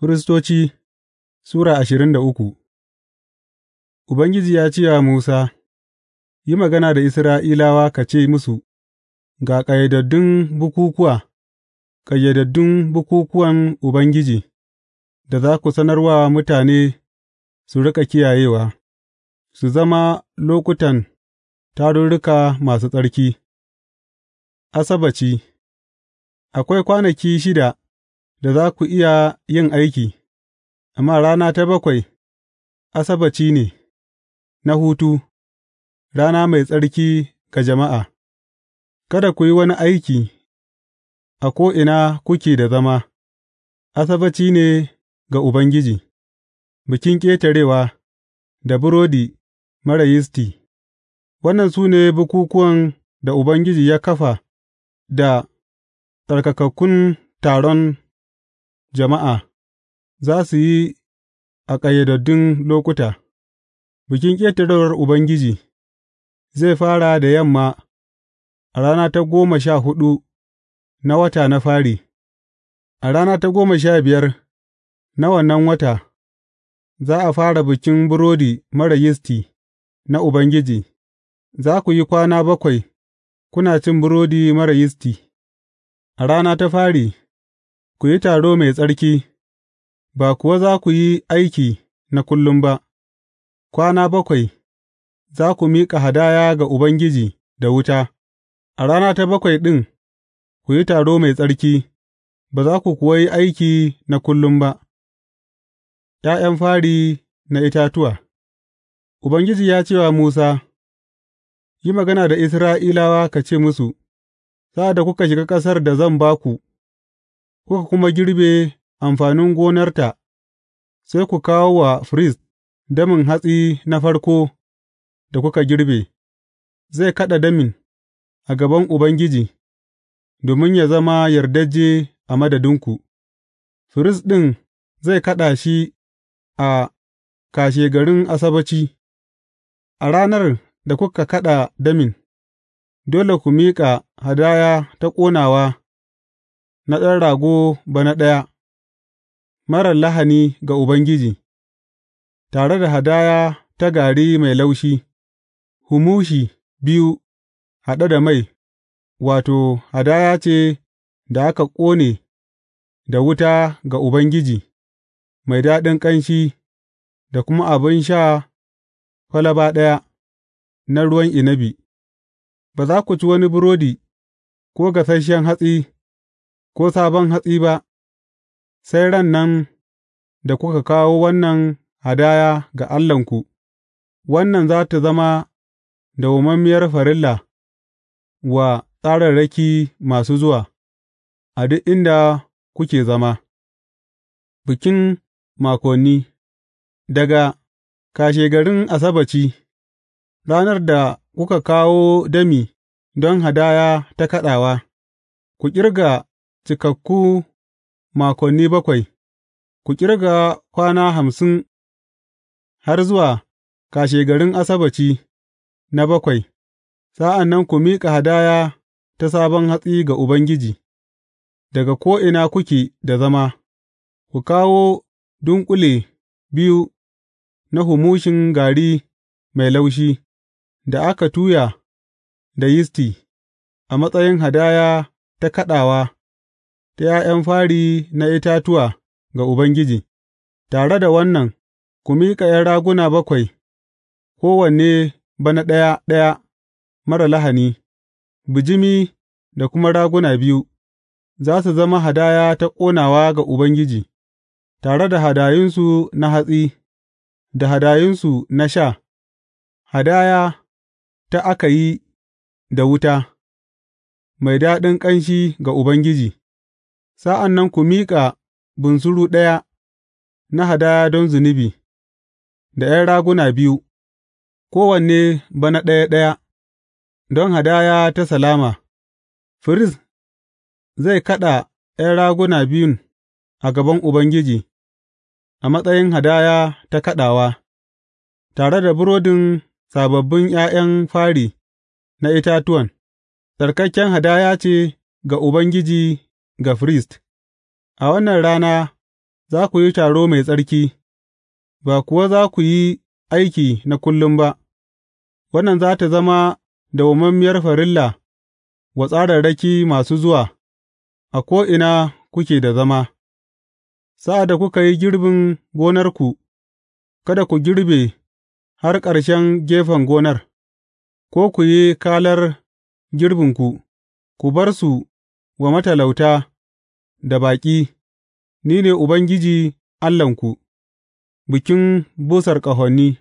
Firistoci Sura ashirin da uku Ubangiji ya ce wa Musa, Yi magana da Isra'ilawa ka ce musu, Ga ƙayyadaddun bukukuwa ƙayyadaddun bukukuwan Ubangiji, da za ku sanar wa mutane su riƙa kiyayewa, su zama lokutan tarurruka masu tsarki. Asabaci. Akwai kwanaki shida. da za ku iya yin aiki, amma rana ta bakwai, asabaci ne, na hutu, rana mai tsarki ga jama'a, kada ku yi wani aiki a ko'ina kuke da zama, Asabaci ne ga Ubangiji, Bikin Ƙetarewa da burodi mara yisti, wannan su ne bukukuwan da Ubangiji ya kafa da tsarkakakkun taron jama'a za su yi a ƙayyadaddun lokuta, Bikin Ƙetarewar Ubangiji zai fara da yamma a rana ta goma sha huɗu na wata na fari, a rana ta goma sha biyar na wannan wata, za a fara Bikin Burodi mara Yisti na Ubangiji, za ku yi kwana bakwai kuna cin burodi mara yisti, a rana ta fari. ku yi taro mai tsarki, ba kuwa za ku yi aiki na kullum ba, kwana bakwai za ku miƙa hadaya ga Ubangiji da wuta, a rana ta bakwai ɗin ku yi taro mai tsarki, ba za ku kuwa yi aiki na kullum ba. ’Ya'yan fari na itatuwa Ubangiji ya ce wa Musa, Yi magana da Isra'ilawa ka ce musu, Sa'ad da kuka shiga ƙasar da zan ba ku. kuka kuma girbe amfanin gonarta, sai ku kawo wa firist damin hatsi na farko da kuka girbe, zai kaɗa damin a gaban Ubangiji, domin ya zama yardajje a madadinku, firist ɗin zai kaɗa shi a kashegarin Asabaci. a ranar da kuka kaɗa damin, dole ku miƙa hadaya ta ƙonawa. na ɗan rago bana ɗaya, marar lahani ga Ubangiji, tare da hadaya ta gari mai laushi, humushi biyu haɗe da mai, wato, hadaya ce da aka ƙone da wuta ga Ubangiji, mai daɗin ƙanshi da kuma abin sha kwalaba ɗaya na ruwan inabi, ba za ku ci wani burodi ko gasasshen hatsi. ko sabon hatsi ba, sai ran nan da kuka kawo wannan hadaya ga Allahnku, wannan za tă zama da umammiyar farilla wa tsararraki masu zuwa, a duk inda kuke zama. Bikin makonni. Daga kashegarin Asabaci. ranar da kuka kawo dami don hadaya ta kaɗawa, ku ƙirga cikakku makonni bakwai, ku ƙirga kwana hamsin har zuwa kashegarin asabaci na bakwai, sa'an nan ku miƙa hadaya ta sabon hatsi ga Ubangiji, daga ko'ina kuke da zama, ku kawo dunƙule biyu na humushin gari mai laushi, da aka tuya da yisti, a matsayin hadaya ta kaɗawa. ta ’ya'yan fari na itatuwa ga Ubangiji, tare da wannan, ku miƙa ’yan raguna bakwai, kowanne bana ɗaya ɗaya marar lahani, bijimi da kuma raguna biyu, za su zama hadaya ta ƙonawa ga Ubangiji, tare da hadayunsu na hatsi, da hadayunsu na sha, hadaya ta aka yi da wuta, mai daɗin ƙanshi ga Ubangiji. Sa'an nan ku miƙa bunsuru ɗaya na hadaya don zunubi, da ’yan raguna biyu, kowanne bana ɗaya ɗaya, don hadaya ta salama, firist zai kaɗa ’yan raguna biyun a gaban Ubangiji a matsayin hadaya ta kaɗawa, tare da burodin sababbin ’ya'yan fari na itatuwan, tsarkaken hadaya ce ga Ubangiji ga firist, A wannan rana za ku yi taro mai tsarki, ba kuwa za ku yi aiki na kullum ba, wannan za ta zama da dawwammamiyar farilla wa tsararraki masu zuwa a ko'ina kuke da zama, Sa'a da kuka yi girbin gonarku, kada ku girbe har ƙarshen gefen gonar, ko ku yi kalar girbinku, ku bar su wa matalauta da baƙi, Ni ne Ubangiji Allahnku, bikin busar ƙahoni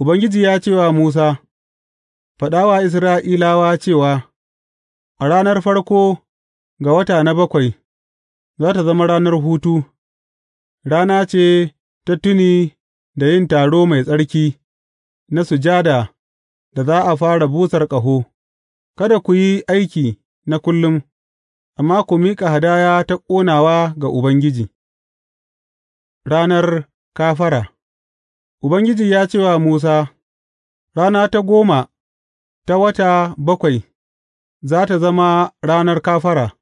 Ubangiji ya ce wa Musa, Faɗa wa Isra'ilawa cewa, A ranar farko ga wata na bakwai za ta zama ranar hutu, rana ce ta tuni da yin taro mai tsarki na sujada da za a fara busar ƙaho, kada ku yi aiki na kullum. amma ku miƙa hadaya ta ƙonawa ga Ubangiji, ranar kafara Ubangiji ya ce wa Musa, Rana ta goma ta wata bakwai za ta zama ranar kafara,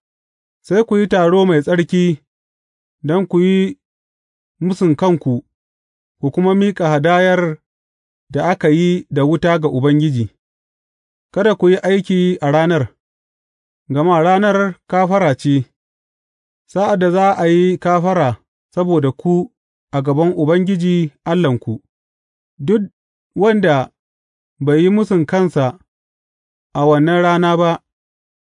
sai ku yi taro mai tsarki don ku yi mūsun kanku, ku kuma miƙa hadayar da aka yi da wuta ga Ubangiji, kada ku yi aiki a ranar. gama ranar kafara ce, sa'ad da za a yi kafara saboda ku a gaban Ubangiji Allahnku, duk wanda bai yi mūsun kansa a wannan rana ba,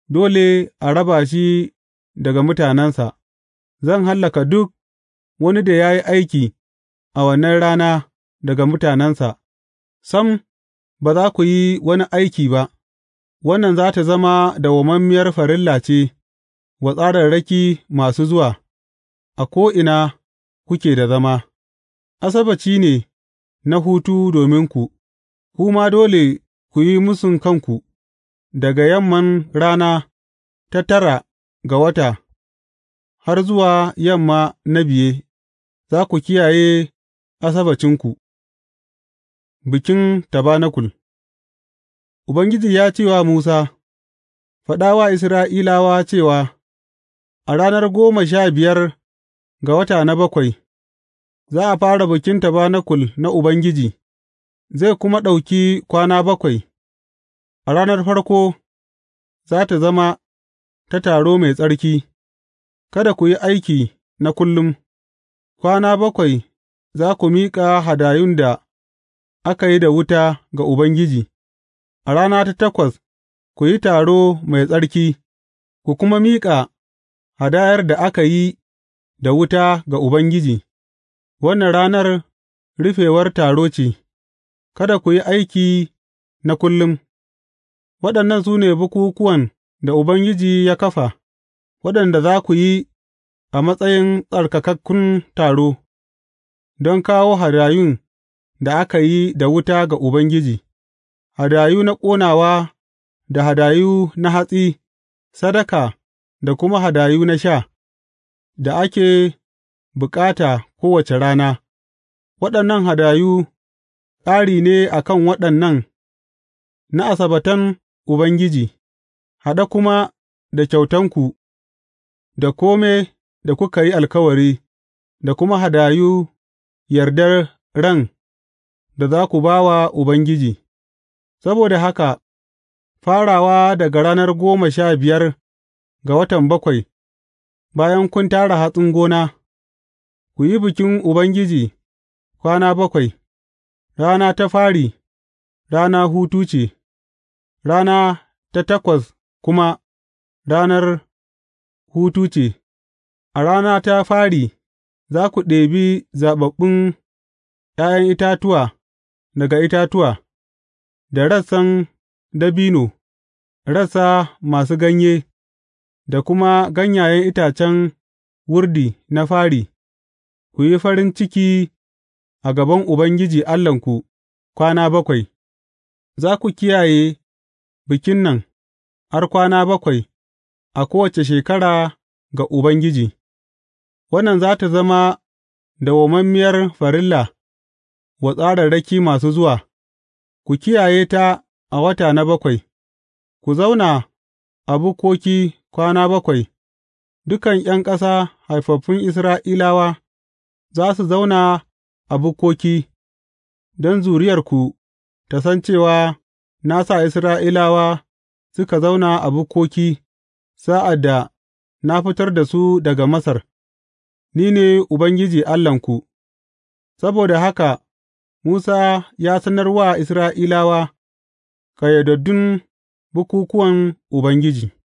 dole a raba shi daga mutanensa, zan hallaka duk wani da ya yi aiki a wannan rana daga mutanensa, sam, ba za ku yi wani aiki ba. Wannan za tă zama dawwammamiyar farilla ce wa tsararraki masu zuwa, a ko'ina kuke da zama, asabaci ne na hutu dominku, ku ma dole ku yi mūsun kanku, daga yamman rana ta tara ga wata har zuwa yamma na biye, za ku kiyaye asabacinku. Bikin tabanakul. Ubangiji ya ce wa Musa, Faɗa wa Isra'ilawa cewa, A ranar goma sha biyar ga wata na bakwai, za a fara bikin tabanakul na Ubangiji, zai kuma ɗauki kwana bakwai, a ranar farko za ta zama ta taro mai tsarki, kada ku yi aiki na kullum, kwana bakwai za ku miƙa hadayun da aka yi da wuta ga Ubangiji. a rana ta takwas ku yi taro mai tsarki, ku kuma miƙa hadayar da aka yi da wuta ga Ubangiji, wannan ranar rufewar taro ce, kada ku yi aiki na kullum, waɗannan su ne bukukuwan da Ubangiji ya kafa, waɗanda za ku yi a matsayin tsarkakakkun taro, don kawo hadayun da aka yi da wuta ga Ubangiji. hadayu na ƙonawa da hadayu na hatsi, sadaka da kuma hadayu na sha, da ake bukata kowace rana, waɗannan hadayu ƙari ne a kan waɗannan na asabatan Ubangiji, haɗa kuma da kyautanku, da kome da kuka yi alkawari, da kuma hadayu yardar ran da za ku ba wa Ubangiji. Saboda haka, farawa daga ranar goma sha biyar ga watan bakwai, bayan kun tara hatsin gona, ku yi bikin Ubangiji kwana bakwai, rana ta fari, rana hutu ce, rana ta takwas kuma ranar hutu ce, a rana ta fari za ku ɗebi zaɓaɓɓun ’ya'yan itatuwa daga itatuwa. da rassan dabino, rassa masu ganye, da kuma ganyayen itacen wurdi na fari, ku yi farin ciki a gaban Ubangiji Allahnku kwana bakwai, za ku kiyaye bikin nan har kwana bakwai a kowace shekara ga Ubangiji, wannan za tă zama dawwammamiyar farilla wa tsararraki masu zuwa. ku kiyaye ta a wata na bakwai, ku zauna a bukkoki kwana bakwai, dukan ’yan ƙasa haifaffun Isra'ilawa za su zauna a bukkoki, don zuriyarku ta san cewa na sa Isra'ilawa suka zauna a bukkoki sa'ad da na fitar da su daga Masar, ni ne Ubangiji Allahnku, saboda haka. Musa ya sanar wa Isra'ilawa ƙayyadaddun bukukkuwan Ubangiji.